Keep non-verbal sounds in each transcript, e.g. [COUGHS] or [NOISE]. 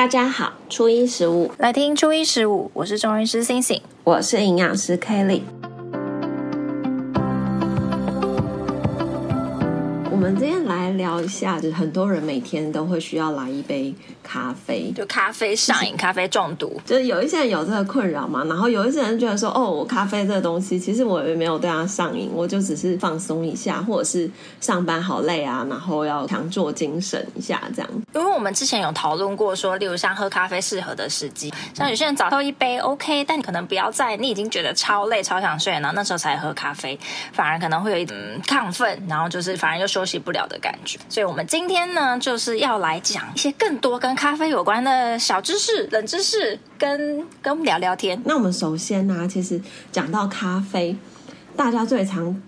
大家好，初醫食伍，來聽初醫食伍。我是中醫師 CinCin，我是營養師 Kelly。我們今天來聊一下，就很多人每天都會需要來一杯咖啡，就咖啡上癮、就是、咖啡中毒，就是有一些人有這個困擾嘛。然後有一些人覺得說，哦，我咖啡這個東西，其實我也沒有對它上癮，我就只是放鬆一下，或者是上班好累啊，然後要強作精神一下這樣。因為我們之前有討論過說，說例如像喝咖啡適合的時機，像有些人早上一杯 OK，但你可能不要在你已經覺得超累、超想睡，然後那時候才喝咖啡，反而可能會有一點、嗯、亢奮，然後就是反而又說。不了的感覺，所以我們今天呢，就是要來講一些更多跟咖啡有關的小知識、冷知識，跟跟我們聊聊天。那我們首先呢，啊，其實講到咖啡，大家最常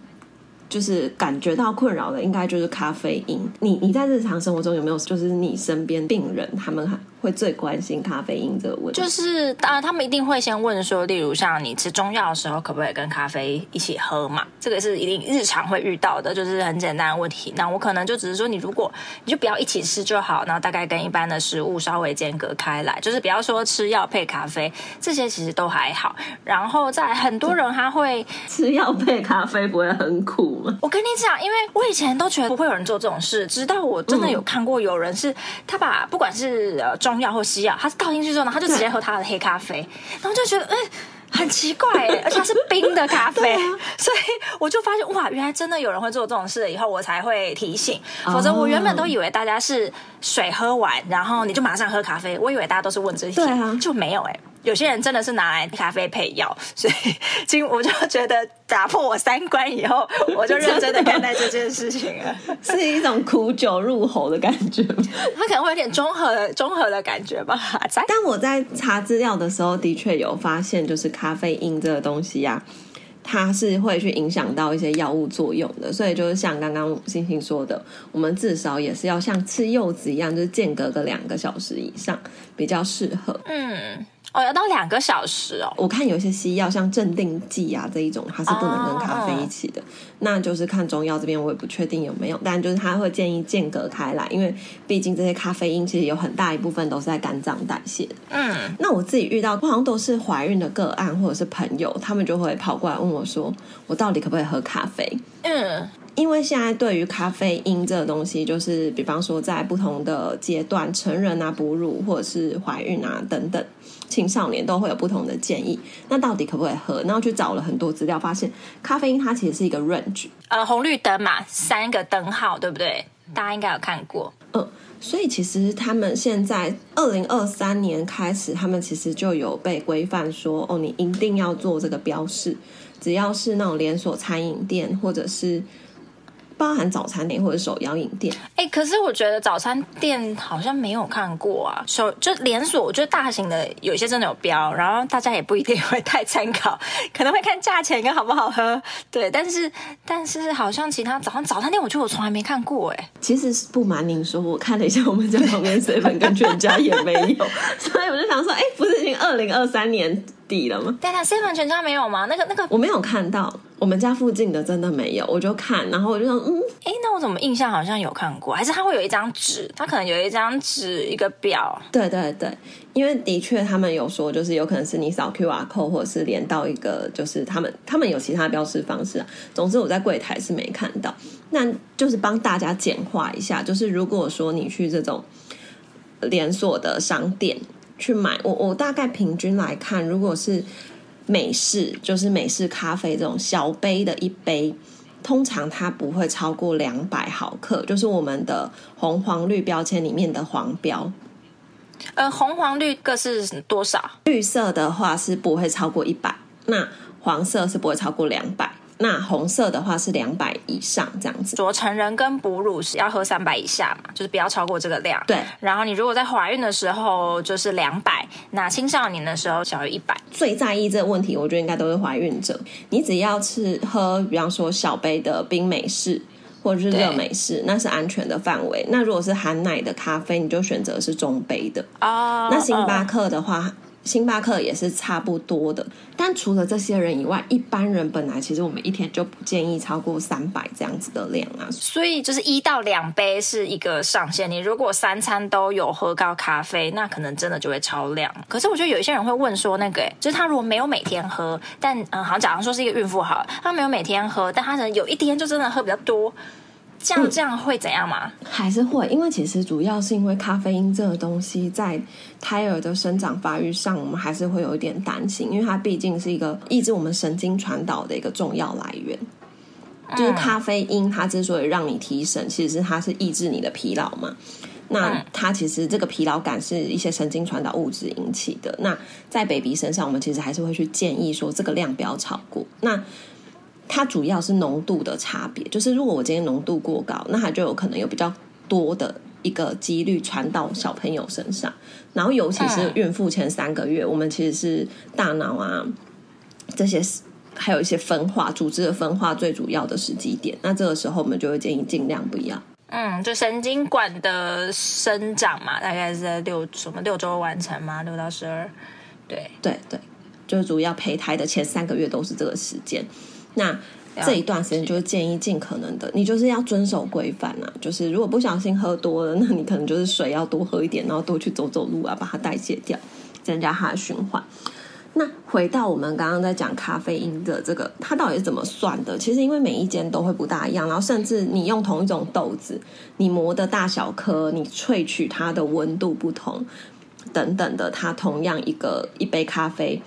就是感覺到困擾的，應該就是咖啡因。你你在日常生活中有沒有，就是你身邊病人他們？會最關心咖啡因這個問題，就是啊，他們一定會先問說，例如像你吃中藥的時候，可不可以跟咖啡一起喝嘛？這個是一定日常會遇到的，就是很簡單的問題。那我可能就只是說，你如果你就不要一起吃就好，然後大概跟一般的食物稍微間隔開來，就是不要說吃藥配咖啡，這些其實都還好。然後在很多人他會吃藥配咖啡，不會很苦嗎？我跟你講，因為我以前都覺得不會有人做這種事，直到我真的有看過有人是他把不管是呃中。中藥或西藥，他是倒進去之後呢，後他就直接喝他的黑咖啡，然後就覺得哎、嗯，很奇怪， [LAUGHS] 而且他是冰的咖啡，啊，所以我就發現哇，原來真的有人會做這種事，以後我才會提醒，否則我原本都以為大家是水喝完，然後你就馬上喝咖啡，我以為大家都是問這些，啊，就沒有哎。有些人真的是拿來咖啡配藥，所以我就覺得打破我三觀以後，我就認真的看待這件事情了。 [LAUGHS] 是一種苦酒入喉的感覺嗎？它可能會有點中和、中和的感覺吧。但我在查資料的時候，的確有發現，就是咖啡因這個東西呀、啊，它是會去影響到一些藥物作用的。所以就是像剛剛星星說的，我們至少也是要像吃柚子一樣，就是間隔個兩個小時以上，比較適合。嗯。哦、oh,，要到兩個小時哦。我看有些西藥像鎮定劑啊這一種，它是不能跟咖啡一起的。Oh. 那就是看中藥這邊，我也不確定有沒有，但就是他會建議間隔開來，因為畢竟這些咖啡因其實有很大一部分都是在肝臟代謝的嗯，mm. 那我自己遇到好像都是懷孕的個案，或者是朋友，他們就會跑過來問我說，說我到底可不可以喝咖啡？嗯、mm.，因為現在對於咖啡因這個東西，就是比方說在不同的階段，成人啊、哺乳或者是懷孕啊等等。青少年都會有不同的建議，那到底可不可以喝？然後去找了很多資料，發現咖啡因它其實是一個 range，呃，紅綠燈嘛，三個燈號，對不對？大家應該有看過。嗯、呃，所以其實他們現在二零二三年開始，他們其實就有被規範說，哦，你一定要做這個標示，只要是那種連鎖餐飲店或者是。包含早餐店或者手搖飲店，哎、欸，可是我覺得早餐店好像沒有看過啊。手就連鎖，我覺得大型的有些真的有標，然後大家也不一定會太參考，可能會看價錢跟好不好喝。對，但是但是好像其他早上早餐店，我覺得我從來沒看過哎、欸。其實不瞞您說，我看了一下，我們在旁邊 s 粉跟全家也沒有， [LAUGHS] 所以我就想說，哎、欸，不是已經二零二三年底了嗎？但 s e 全家沒有嗎？那個那個我沒有看到。我們家附近的真的沒有，我就看，然後我就想，嗯，哎，那我怎麼印象好像有看過？還是他會有一張紙，他可能有一張紙一個表？對對對，因為的確他們有說，就是有可能是你掃 QR Code，或者是連到一個，就是他們他們有其他標識方式啊。總之我在櫃檯是沒看到，那就是幫大家簡化一下，就是如果說你去這種連鎖的商店去買，我我大概平均來看，如果是。美式就是美式咖啡這種小杯的一杯，通常它不會超過兩百毫克，就是我們的紅黃綠標籤裡面的黃標。呃，紅黃綠各是多少？綠色的話是不會超過一百，那黃色是不會超過兩百。那紅色的話是兩百以上這樣子，做成人跟哺乳是要喝三百以下嘛，就是不要超過這個量。對，然後你如果在懷孕的時候就是兩百，那青少年的時候小於一百。最在意這個問題，我覺得應該都是懷孕者。你只要吃喝，比方說小杯的冰美式或者是熱美式，那是安全的範圍。那如果是含奶的咖啡，你就選擇是中杯的。哦、oh，那星巴克的話。Oh. 星巴克也是差不多的，但除了這些人以外，一般人本來其實我們一天就不建議超過三百這樣子的量啊，所以就是一到兩杯是一個上限。你如果三餐都有喝高咖啡，那可能真的就會超量。可是我覺得有一些人會問說，那個、欸、就是他如果沒有每天喝，但嗯，好像假如說是一個孕婦好，他沒有每天喝，但他可能有一天就真的喝比較多。這樣這樣會怎樣嗎？嗯，還是會，因為其實主要是因為咖啡因這個東西在胎兒的生長發育上，我們還是會有一點擔心，因為它畢竟是一個抑制我們神經傳導的一個重要來源。嗯，就是咖啡因，它之所以讓你提神，其實是它是抑制你的疲勞嘛。那它其實這個疲勞感是一些神經傳導物質引起的。那在 baby 身上，我們其實還是會去建議說，這個量不要超過。那它主要是濃度的差別，就是如果我今天濃度過高，那它就有可能有比較多的一個幾率傳到小朋友身上，然後尤其是孕婦前三個月，嗯，我們其實是大腦啊這些還有一些分化組織的分化最主要的時機點，那這個時候我們就會建議盡量不要。嗯，就神經管的生長嘛，大概是在六什麼六週完成嘛，六到十二，對對對，就是主要胚胎的前三個月都是這個時間。那這一段時間就是建議盡可能的，你就是要遵守規範啊。就是如果不小心喝多了，那你可能就是水要多喝一點，然後多去走走路啊，把它代謝掉，增加它的循環。那回到我們剛剛在講咖啡因的這個，它到底是怎麼算的？其實因為每一間都會不大一樣，然後甚至你用同一種豆子，你磨的大小顆，你萃取它的溫度不同，等等的，它同樣一個一杯咖啡。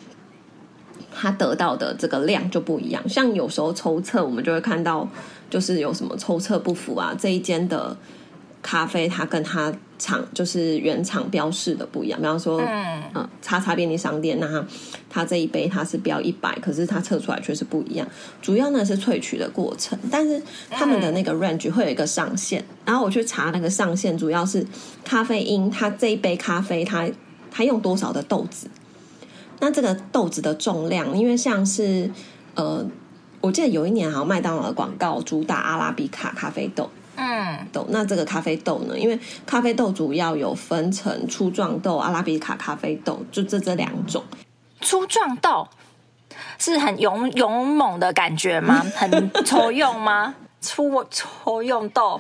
他得到的這個量就不一樣，像有時候抽測，我們就會看到，就是有什麼抽測不符啊。這一間的咖啡，它跟它廠就是原廠標示的不一樣。比方說，嗯，叉叉便利商店，那它這一杯它是標一百，可是它測出來卻是不一樣。主要呢是萃取的過程，但是他們的那個 range 會有一個上限。然後我去查那個上限，主要是咖啡因，它這一杯咖啡它，它它用多少的豆子。那這個豆子的重量，因為像是呃，我記得有一年好像麥當勞的廣告主打阿拉比卡咖啡豆，嗯，豆。那這個咖啡豆呢？因為咖啡豆主要有分成粗壯豆、阿拉比卡咖啡豆，就這這兩種。粗壯豆是很勇勇猛的感覺嗎？很粗用嗎？ [LAUGHS] 粗粗用豆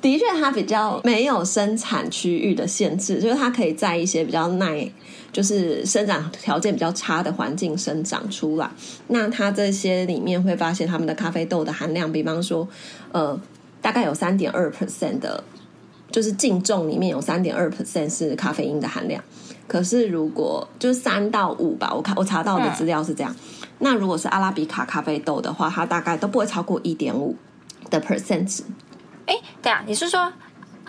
的確，它比較沒有生產區域的限制，就是它可以在一些比較耐。就是生長條件比較差的環境生長出來，那它這些裡面會發現它們的咖啡豆的含量，比方說，呃，大概有三點二 percent 的，就是淨重裡面有三點二 percent 是咖啡因的含量。可是如果就是三到五吧，我看我查到的資料是這樣。那如果是阿拉比卡咖啡豆的話，它大概都不會超過一點五的 percent 值。哎，對啊，你是說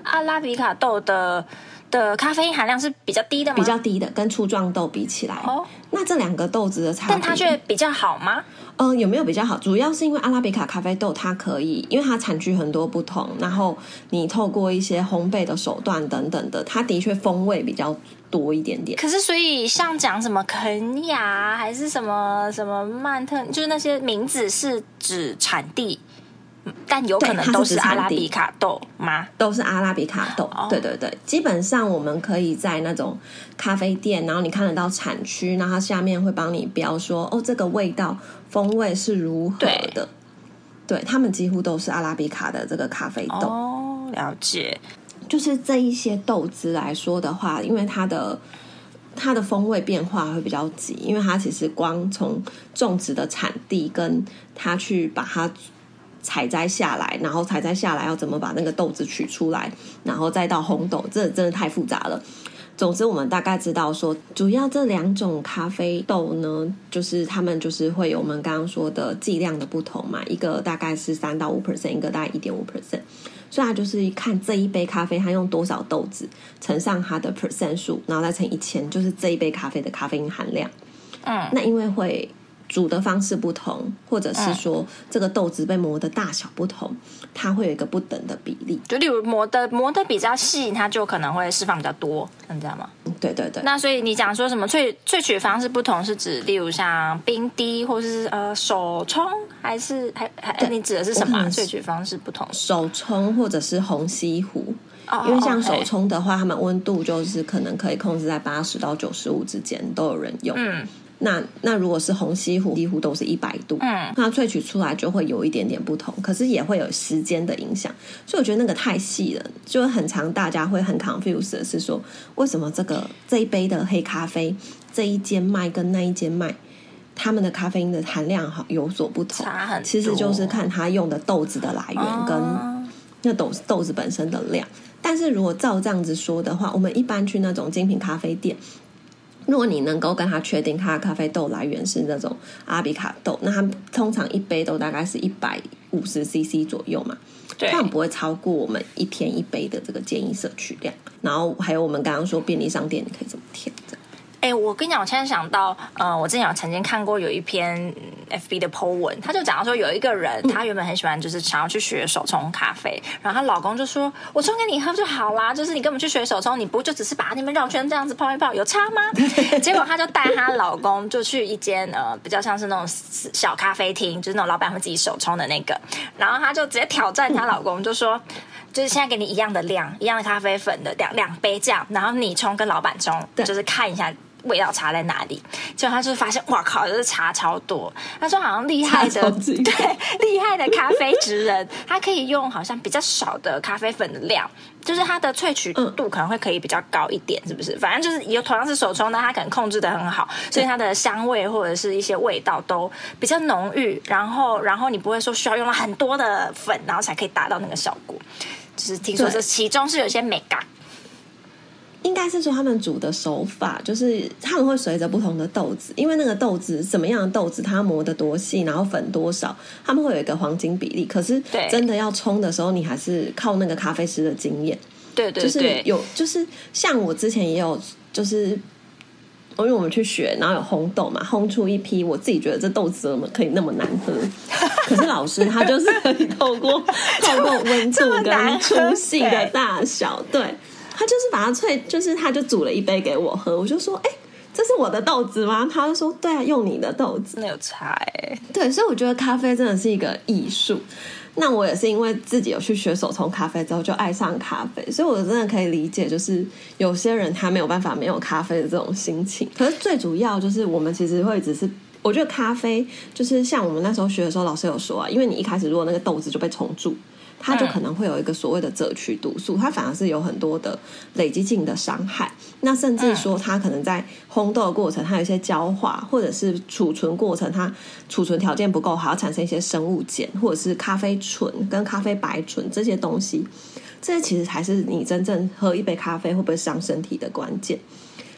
阿拉比卡豆的？的咖啡因含量是比較低的嗎？比較低的，跟粗壯豆比起來，oh, 那這兩個豆子的差，但它卻比較好嗎？嗯、呃，有沒有比較好？主要是因為阿拉比卡咖啡豆，它可以因為它產區很多不同，然後你透過一些烘焙的手段等等的，它的確風味比較多一點點。可是，所以像講什麼肯亞還是什麼什麼曼特，就是那些名字是指產地。但有可能都是，是都是阿拉比卡豆嗎？都是阿拉比卡豆，哦，對對對。基本上我們可以在那種咖啡店，然後你看得到產區，那它下面會幫你標說哦，這個味道風味是如何的。對他們幾乎都是阿拉比卡的這個咖啡豆。哦，了解。就是這一些豆子來說的話，因為它的它的風味變化會比較急，因為它其實光從種植的產地跟它去把它。採摘下來，然後採摘下來要怎麼把那個豆子取出來，然後再到烘豆，這真的太複雜了。總之，我們大概知道說，主要這兩種咖啡豆呢，就是他們就是會有我們剛剛說的劑量的不同嘛，一個大概是三到五 percent，一個大概一點五 percent。所以它就是看這一杯咖啡它用多少豆子，乘上它的 percent 數，然後再乘一千，就是這一杯咖啡的咖啡因含量。嗯，那因為會。煮的方式不同，或者是說這個豆子被磨的大小不同，嗯、它會有一個不等的比例。就例如磨的磨的比較細，它就可能會釋放比較多，你知道嗎？嗯、對對對。那所以你講說什麼萃萃取方式不同，是指例如像冰滴，或是呃手沖，還是還還你指的是什麼是萃取方式不同？手沖或者是虹吸壺。哦，因為像手沖的話，哦 okay，它們溫度就是可能可以控制在八十到九十五之間，都有人用。嗯。那那如果是虹吸壺，幾乎都是一百度。嗯，那萃取出來就會有一點點不同，可是也會有時間的影響。所以我覺得那個太細了，就是很常大家會很 confused 的是說，為什麼這個這一杯的黑咖啡，這一間賣跟那一間賣，他們的咖啡因的含量好有所不同？差很多。其實就是看它用的豆子的來源跟那豆豆子本身的量。啊。但是如果照這樣子說的話，我們一般去那種精品咖啡店。如果你能夠跟他確定他的咖啡豆來源是那種阿比卡豆，那他通常一杯都大概是一百五十 CC 左右嘛，對這樣不會超過我們一天一杯的這個建議攝取量。然後還有我們剛剛說便利商店，你可以怎麼填這樣。哎，我跟你講，我現在想到，呃，我之前有曾經看過有一篇 FB 的 Po 文，他就講到說，有一個人，她原本很喜歡，就是想要去學手沖咖啡，然後她老公就說：“我沖給你喝就好啦，就是你跟我們去學手沖，你不就只是把那邊繞圈這樣子泡一泡，有差嗎？”結果她就帶她老公就去一間呃，比較像是那種小咖啡廳，就是那種老板會自己手沖的那個，然後她就直接挑戰她老公，就說：“就是現在給你一樣的量，一樣的咖啡粉的兩兩杯這樣，然後你沖跟老板沖，就是看一下。”味道差在哪裡？結果他就是發現，哇靠，這茶超多。他說好像厲害的，對，厲害的咖啡職人， [LAUGHS] 他可以用好像比較少的咖啡粉的量，就是它的萃取度可能會可以比較高一點，嗯、是不是？反正就是有同樣是手沖的，它可能控制得很好，所以它的香味或者是一些味道都比較濃郁。然後，然後你不會說需要用到很多的粉，然後才可以達到那個效果。就是聽說這其中是有些美感。應該是說他們煮的手法，就是他們會隨着不同的豆子，因為那個豆子什麼樣的豆子，它磨的多細，然後粉多少，他們會有一個黃金比例。可是真的要沖的時候，你還是靠那個咖啡師的經驗。對對對，就是有，就是像我之前也有，就是因為我們去學，然後有烘豆嘛，烘出一批，我自己覺得這豆子怎麼可以那麼難喝， [LAUGHS] 可是老師他就是透過 [LAUGHS] 透過溫度跟粗細的大小，對。對他就是把它萃，就是他就煮了一杯給我喝，我就說，哎、欸，這是我的豆子嗎？他就說，對啊，用你的豆子，那有差哎、欸。對，所以我覺得咖啡真的是一個藝術。那我也是因為自己有去學手沖咖啡之後，就愛上咖啡，所以我真的可以理解，就是有些人他沒有辦法沒有咖啡的這種心情。可是最主要就是我們其實會只是，我覺得咖啡就是像我們那時候學的時候，老師有說，啊，因為你一開始如果那個豆子就被蟲蛀。它就可能會有一個所謂的赭麴毒素，它反而是有很多的累積性的傷害。那甚至說，它可能在烘豆的過程，它有一些焦化，或者是儲存過程，它儲存條件不夠，還要產生一些生物鹼或者是咖啡醇跟咖啡白醇這些東西。這些其實才是你真正喝一杯咖啡會不會傷身體的關鍵。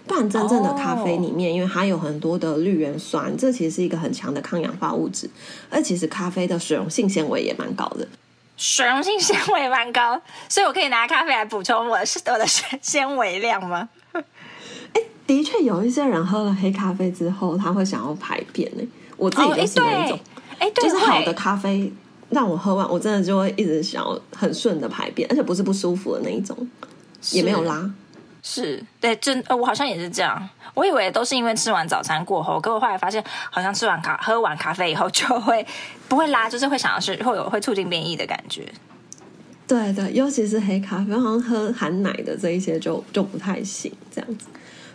不然，真正的咖啡裡面，oh. 因為它有很多的綠原酸，這其實是一個很強的抗氧化物質。而其實咖啡的水溶性纖維也蠻高的。水溶性纖維蠻高，所以我可以拿咖啡來補充我是我的纖維量嗎？哎、欸，的確有一些人喝了黑咖啡之後，他會想要排便呢、欸。我自己就是那一種，哎、哦欸，就是好的咖啡讓我喝完，欸、我真的就會一直想要很順的排便，而且不是不舒服的那一種，也沒有拉。是對，真呃，我好像也是這樣。我以為都是因為吃完早餐過後，可我後來發現，好像吃完咖、喝完咖啡以後就會不會拉，就是會想要是會有會促進變異的感覺。對對，尤其是黑咖啡，好像喝含奶的這一些就就不太行這樣子。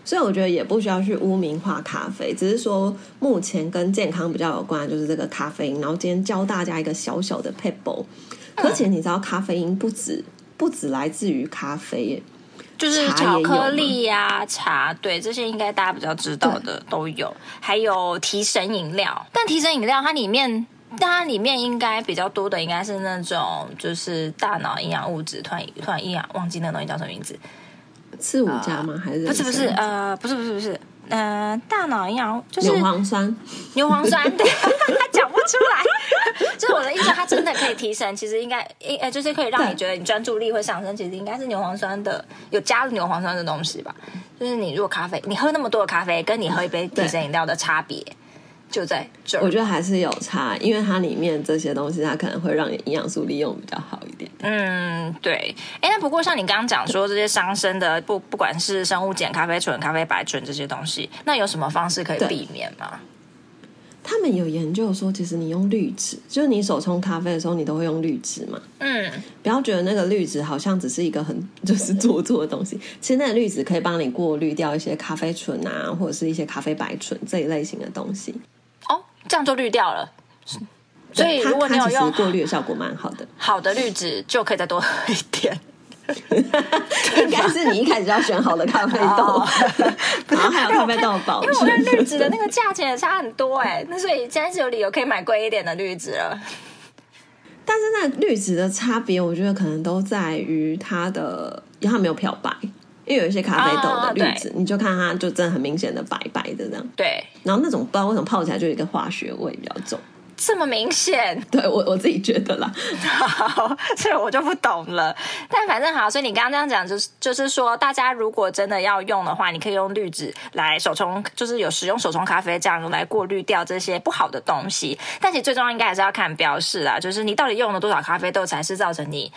所以我覺得也不需要去污名化咖啡，只是說目前跟健康比較有關的就是這個咖啡因。然後今天教大家一個小小的 p e b b l 而且你知道咖啡因不止不止來自於咖啡耶、欸。就是巧克力呀、啊，茶，對，這些應該大家比較知道的都有，還有提神飲料。但提神飲料它裡面，但它裡面應該比較多的應該是那種就是大腦營養物質，突然突然營養忘記那個東西叫什麼名字，四五加嗎？還，呃，是不是不是，呃，不是，不是不是不是。呃，大腦營養就是牛磺酸，牛磺酸，對，他 [LAUGHS] 講不出來，就是我的意思，它真的可以提神。其實應該，呃，就是可以讓你覺得你專注力會上升。其實應該是牛磺酸的有加入牛磺酸的東西吧。就是你如果咖啡，你喝那麼多的咖啡，跟你喝一杯提神飲料的差別。就在這，我覺得還是有差，因為它裡面這些東西，它可能會讓你營養素利用比較好一點點。嗯，對。哎，那不過像你剛剛講說這些傷身的，不不管是生物鹼、咖啡醇、咖啡白醇這些東西，那有什麼方式可以避免嗎？他們有研究說，其實你用濾紙，就是你手沖咖啡的時候，你都會用濾紙嘛。嗯，不要覺得那個濾紙好像只是一個很就是做作的東西，其實那濾紙可以幫你過濾掉一些咖啡醇啊，或者是一些咖啡白醇這一類型的東西。這樣就濾掉了，所以如果你有用過濾的效果蠻好的，好的濾紙就可以再多喝一點。 [LAUGHS] 應該是你一開始就要選好的咖啡豆， [LAUGHS] [LAUGHS] 然後還有咖啡豆包，因為我覺得濾紙的那個價錢也差很多哎、欸， [LAUGHS] 那所以現在是有理由可以買貴一點的濾紙了。但是那濾紙的差別，我覺得可能都在於它的，因為它沒有漂白。因為有一些咖啡豆的濾紙，oh, oh, oh，你就看它就真的很明顯的白白的這樣。對，然後那種不知道為什麼泡起來就有一個化學味比較重，這麼明顯？對我我自己覺得啦好，所以我就不懂了。但反正好，所以你剛剛這樣講，就是，就是就是說，大家如果真的要用的話，你可以用濾紙來手沖，就是有使用手沖咖啡這樣來過濾掉這些不好的東西。但其實最重要應該還是要看標示啦，就是你到底用了多少咖啡豆才是造成你。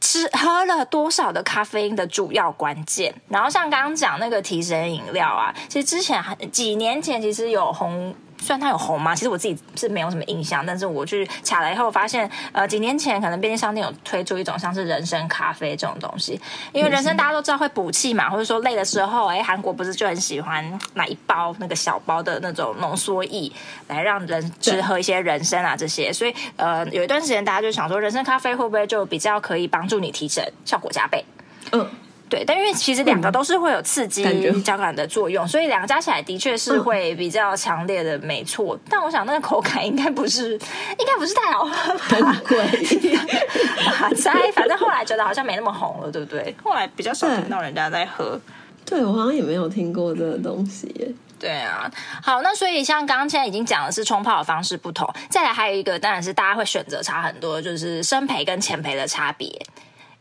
吃喝了多少的咖啡因的主要關鍵，然後像剛剛講那個提神飲料啊，其實之前還幾年前其實有紅。雖然它有紅嗎？其實我自己是沒有什麼印象，但是我去查了以後，發現呃幾年前可能便利商店有推出一種像是人參咖啡這種東西，因為人參大家都知道會補氣嘛，或者說累的時候，哎、欸、韓國不是就很喜歡買一包那個小包的那種濃縮液來讓人吃喝一些人參啊這些，所以呃有一段時間大家就想說人參咖啡會不會就比較可以幫助你提神，效果加倍？嗯。對，但因為其實兩個都是會有刺激交感的作用、嗯，所以兩個加起來的確是會比較強烈的、嗯，沒錯。但我想那個口感應該不是，應該不是太好喝吧？很貴、 [LAUGHS] 啊，反正後來覺得好像沒那麼紅了，對不對？後來比較少聽到人家在喝。對，對我好像也沒有聽過這個東西耶。對啊，好，那所以像剛剛現在已經講的是沖泡的方式不同，再來還有一個當然是大家會選擇差很多，就是深培跟淺培的差別。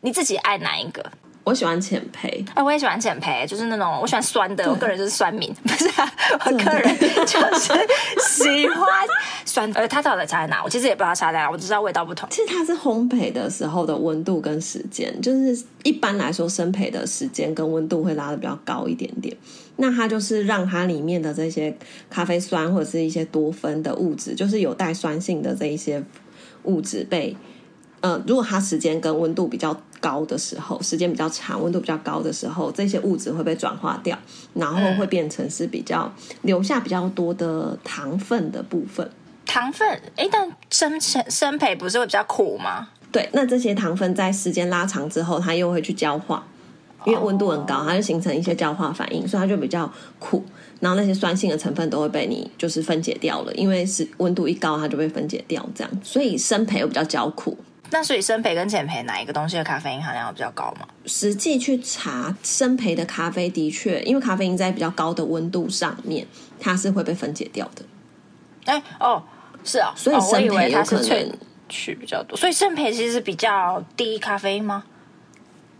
你自己愛哪一個？我喜歡淺焙，哎、呃，我也喜歡淺焙，就是那種我喜歡酸的，我個人就是酸民，不是、啊，我個人就是 [LAUGHS] 喜歡酸。呃，它到底差在哪？我其實也不知道差在哪，我只知道味道不同。其實它是烘焙的時候的溫度跟時間，就是一般來說深焙的時間跟溫度會拉得比較高一點點，那它就是讓它裡面的這些咖啡酸或者是一些多酚的物質，就是有帶酸性的這一些物質被，呃，如果它時間跟溫度比較。高的時候，時間比較長，溫度比較高的時候，這些物質會被轉化掉，然後會變成是比較留下比較多的糖分的部分。糖分誒，但生陳生培不是會比較苦嗎？對，那這些糖分在時間拉長之後，它又會去焦化，因為溫度很高，Oh. 它就形成一些焦化反應，所以它就比較苦。然後那些酸性的成分都會被你就是分解掉了，因為是溫度一高，它就被分解掉，這樣，所以生培又比較焦苦。那所以深焙跟淺焙哪一個東西的咖啡因含量比較高嗎？實際去查深焙的咖啡的確，因為咖啡因在比較高的溫度上面，它是會被分解掉的。哎、欸、哦，是啊、哦，所以深焙、哦、我以為它是萃取比較多，所以深焙其實比較低咖啡因嗎？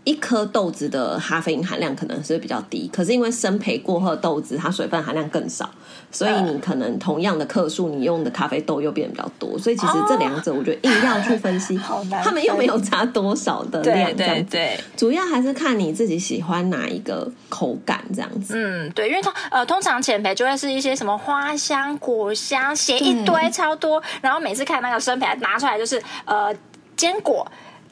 一顆豆子的咖啡因含量可能是比較低，可是因為深培過後的豆子它水分含量更少，所以你可能同樣的克數，你用的咖啡豆又變得比較多，所以其實這兩者我覺得硬要去分析，好難，他們又沒有差多少的量這樣子， [LAUGHS] 對對對，對，主要還是看你自己喜歡哪一個口感這樣子。嗯，對，因為它呃通常淺培就會是一些什麼花香、果香寫一堆超多，然後每次看那個深培拿出來就是呃堅果。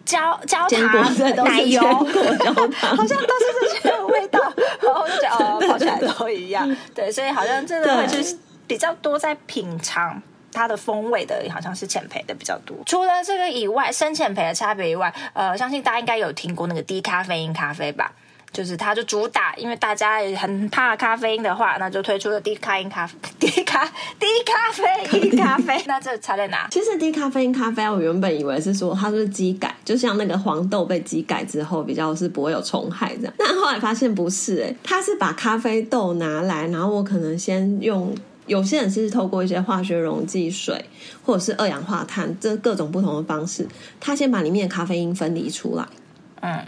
焦焦糖、奶油， [LAUGHS] 好像都是這些味道， [LAUGHS] 然後就覺得， [LAUGHS] 哦、跑起來都一樣。 [LAUGHS] 對，所以好像真的就是比較多在品嘗它的風味的，好像是淺焙的比較多。除了這個以外，深淺焙的差別以外，呃，相信大家應該有聽過那個低咖啡因咖啡吧。就是它就主打，因為大家也很怕咖啡因的話，那就推出了低咖因咖啡、低咖、低咖啡低咖啡。那這差在哪？其實低咖啡因咖啡，我原本以為是說它是基改，就像那個黃豆被基改之後比較是不會有蟲害這樣。但後來發現不是、欸、它是把咖啡豆拿來，然後我可能先用有些人是透過一些化學溶劑水或者是二氧化碳這、就是、各種不同的方式，它先把裡面的咖啡因分離出來。 [COUGHS] 嗯。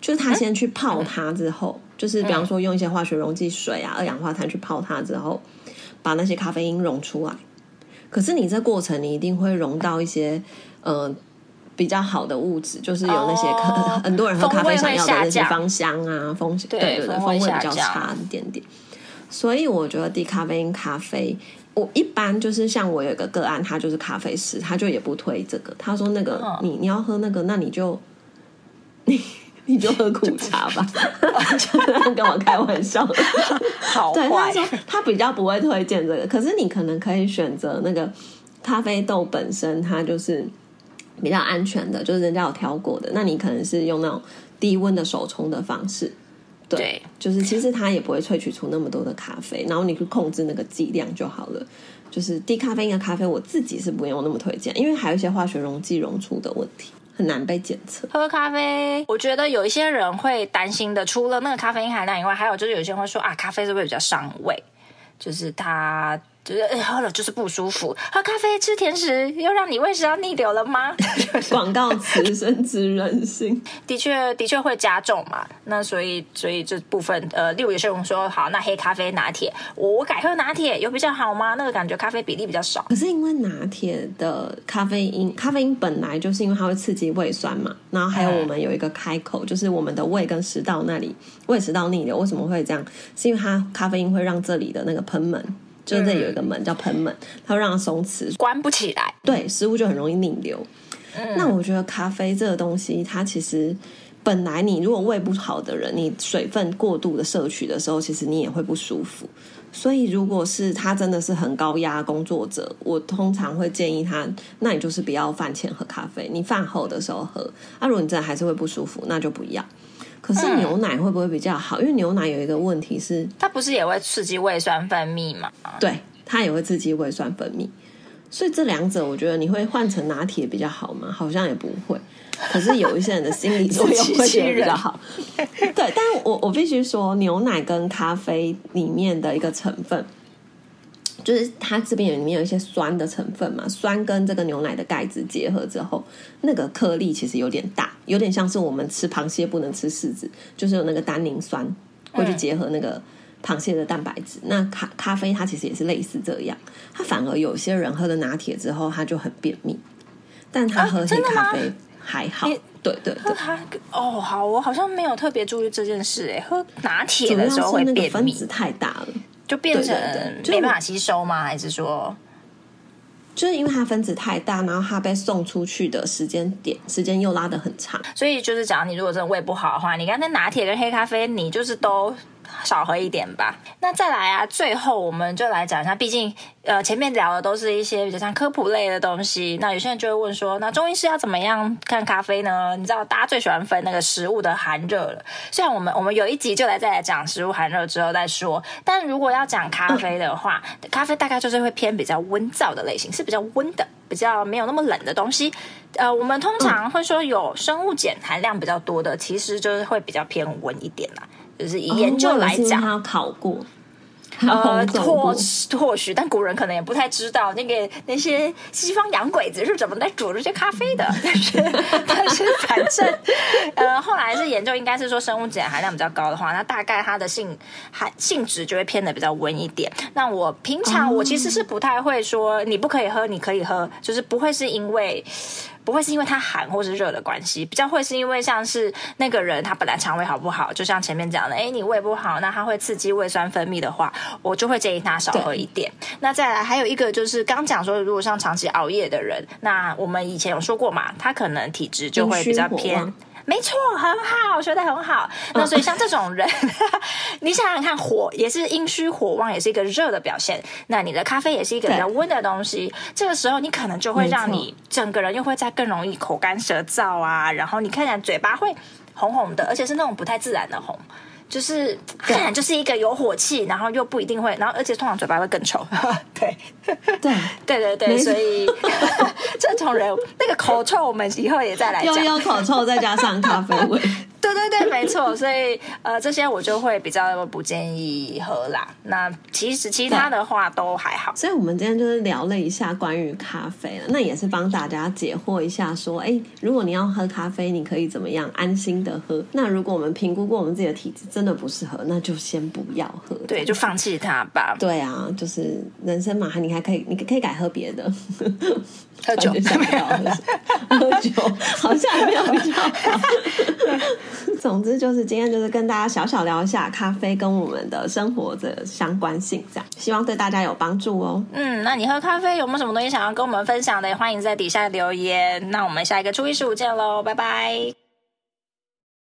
就是他先去泡它之後、嗯，就是比方說用一些化學溶劑水啊、嗯、二氧化碳去泡它之後，把那些咖啡因溶出來。可是你這過程，你一定會溶到一些嗯、呃、比較好的物質，就是有那些、哦呃、很多人喝咖啡想要的那些芳香啊，風味，對對對風，風味比較差一點點。所以我覺得低咖啡因咖啡，我一般就是像我有一個個案，他就是咖啡師，他就也不推這個，他說那個你你要喝那個，那你就你。哦 [LAUGHS] 你就喝苦茶吧，就不，哦、 [LAUGHS] 全跟我開玩笑，了， [LAUGHS] 好壞， [LAUGHS] 好壞。他他比較不會推薦這個，可是你可能可以選擇那個咖啡豆本身，它就是比較安全的，就是人家有挑過的。那你可能是用那種低溫的手沖的方式對，對，就是其實它也不會萃取出那麼多的咖啡，然後你去控制那個劑量就好了。就是低咖啡因的咖啡，我自己是不用那麼推薦，因為還有一些化學溶劑溶出的問題。很難被檢測。喝咖啡，我覺得有一些人會擔心的。除了那個咖啡因含量以外，還有就是有些人會說啊，咖啡是不是比較傷胃？就是它。就是、哎、喝了就是不舒服，喝咖啡吃甜食又讓你胃食道逆流了嗎？廣 [LAUGHS] 告詞深植人心 [LAUGHS] 的確，的確的確會加重嘛。那所以所以這部分呃，例如有些人說，好，那黑咖啡拿鐵，我改喝拿鐵有比較好嗎？那個感覺咖啡比例比較少。可是因為拿鐵的咖啡因，咖啡因本來就是因為它會刺激胃酸嘛，然後還有我們有一個開口，嗯、就是我們的胃跟食道那裡胃食道逆流為什麼會這樣？是因為它咖啡因會讓這裡的那個賁門。就這有一個門、嗯、叫賁門，它會讓它鬆弛，關不起來。對，食物就很容易逆流、嗯。那我覺得咖啡這個東西，它其實本來你如果胃不好的人，你水分過度的攝取的時候，其實你也會不舒服。所以如果是他真的是很高壓工作者，我通常會建議他，那你就是不要飯前喝咖啡，你飯後的時候喝。啊，如果你真的還是會不舒服，那就不要。可是牛奶會不會比較好？嗯，因為牛奶有一個問題是，它不是也會刺激胃酸分泌嗎？對，它也會刺激胃酸分泌，所以這兩者我覺得，你會換成拿鐵比較好嗎？好像也不會。可是有一些人的心理作用會比較好。 [LAUGHS] 些 [LAUGHS] 對，但是我我必須說，牛奶跟咖啡裡面的一個成分，就是它這邊有裡面有一些酸的成分嘛，酸跟這個牛奶的鈣質結合之後，那個顆粒其實有點大。有點像是我們吃螃蟹不能吃柿子，就是有那個單寧酸會去結合那個螃蟹的蛋白質，嗯。那咖咖啡它其實也是類似這樣，它反而有些人喝了拿鐵之後，它就很便秘，但他喝些咖啡還好。啊欸、對對對他，哦，好，我好像沒有特別注意這件事，哎，喝拿鐵的時候會便秘，那個分子太大了，就變成沒辦法吸收嗎？還是說？就是因為它分子太大，然後它被送出去的時間點時間又拉得很長，所以就是講，你如果真的胃不好的話，你看那拿鐵跟黑咖啡，你就是都。少喝一點吧。那再來啊，最後我們就來講一下，畢竟呃前面聊的都是一些比較像科普類的東西。那有些人就會問說，那中醫師要怎麼樣看咖啡呢？你知道大家最喜歡分那個食物的寒熱了。雖然我們我們有一集就來再來講食物寒熱之後再說，但如果要講咖啡的話，嗯，咖啡大概就是會偏比較溫燥的類型，是比較溫的，比較沒有那麼冷的東西。呃，我們通常會說有生物鹼含量比較多的，其實就是會比較偏溫一點啦。就是以研究來講，考、哦、過，過，呃，或或許，但古人可能也不太知道那個那些西方洋鬼子是怎麼在煮這些咖啡的，但、嗯、是，但是， [LAUGHS] 但是反正， [LAUGHS] 呃，後來是研究，應該是說生物鹼含量比較高的話，那大概它的性含性質就會偏的比較溫一點。那我平常我其實是不太會說、嗯、你不可以喝，你可以喝，就是不會是因為。不會是因為他寒或是熱的關係，比較會是因為像是那個人他本來腸胃好不好，就像前面講的，誒，你胃不好，那他會刺激胃酸分泌的話，我就會建議他少喝一點。那再來還有一個就是剛講說，如果像長期熬夜的人，那我們以前有說過嘛，他可能體質就會比較偏。沒錯，很好，學的很好。那所以像這種人， [LAUGHS] 你想想看火，火也是陰虛火旺，也是一個熱的表現。那你的咖啡也是一個比較溫的東西，這個時候你可能就會讓你整個人又會再更容易口乾舌燥啊，然後你看起來嘴巴會紅紅的，而且是那種不太自然的紅。就是，當然就是一個有火氣，然後又不一定會，然後而且通常嘴巴會更臭。 [LAUGHS] 對，對，對，對，對，對，所以正常 [LAUGHS] 人那個口臭，我們以後也再來講。又有口臭，再加上咖啡味。 [LAUGHS] [LAUGHS] [LAUGHS] 對對，沒錯，所以呃，這些我就會比較不建議喝啦。那其實其他的話都還好。所以我們今天就是聊了一下關於咖啡了，那也是幫大家解惑一下說，說、欸、哎，如果你要喝咖啡，你可以怎麼樣安心的喝。那如果我們評估過我們自己的體質，真的不適合，那就先不要喝。對，就放棄它吧。對啊，就是人生嘛，還你還可以，你可以改喝別的。 [LAUGHS] 喝酒， [LAUGHS] 喝酒 [LAUGHS] 好像有沒有比較。 [LAUGHS] [LAUGHS] 總之就是今天就是跟大家小小聊一下咖啡跟我們的生活的相關性，這樣，希望對大家有幫助哦。嗯，那你喝咖啡有沒有什麼東西想要跟我們分享的？也歡迎在底下留言。那我們下一個初一十五見嘍，拜拜。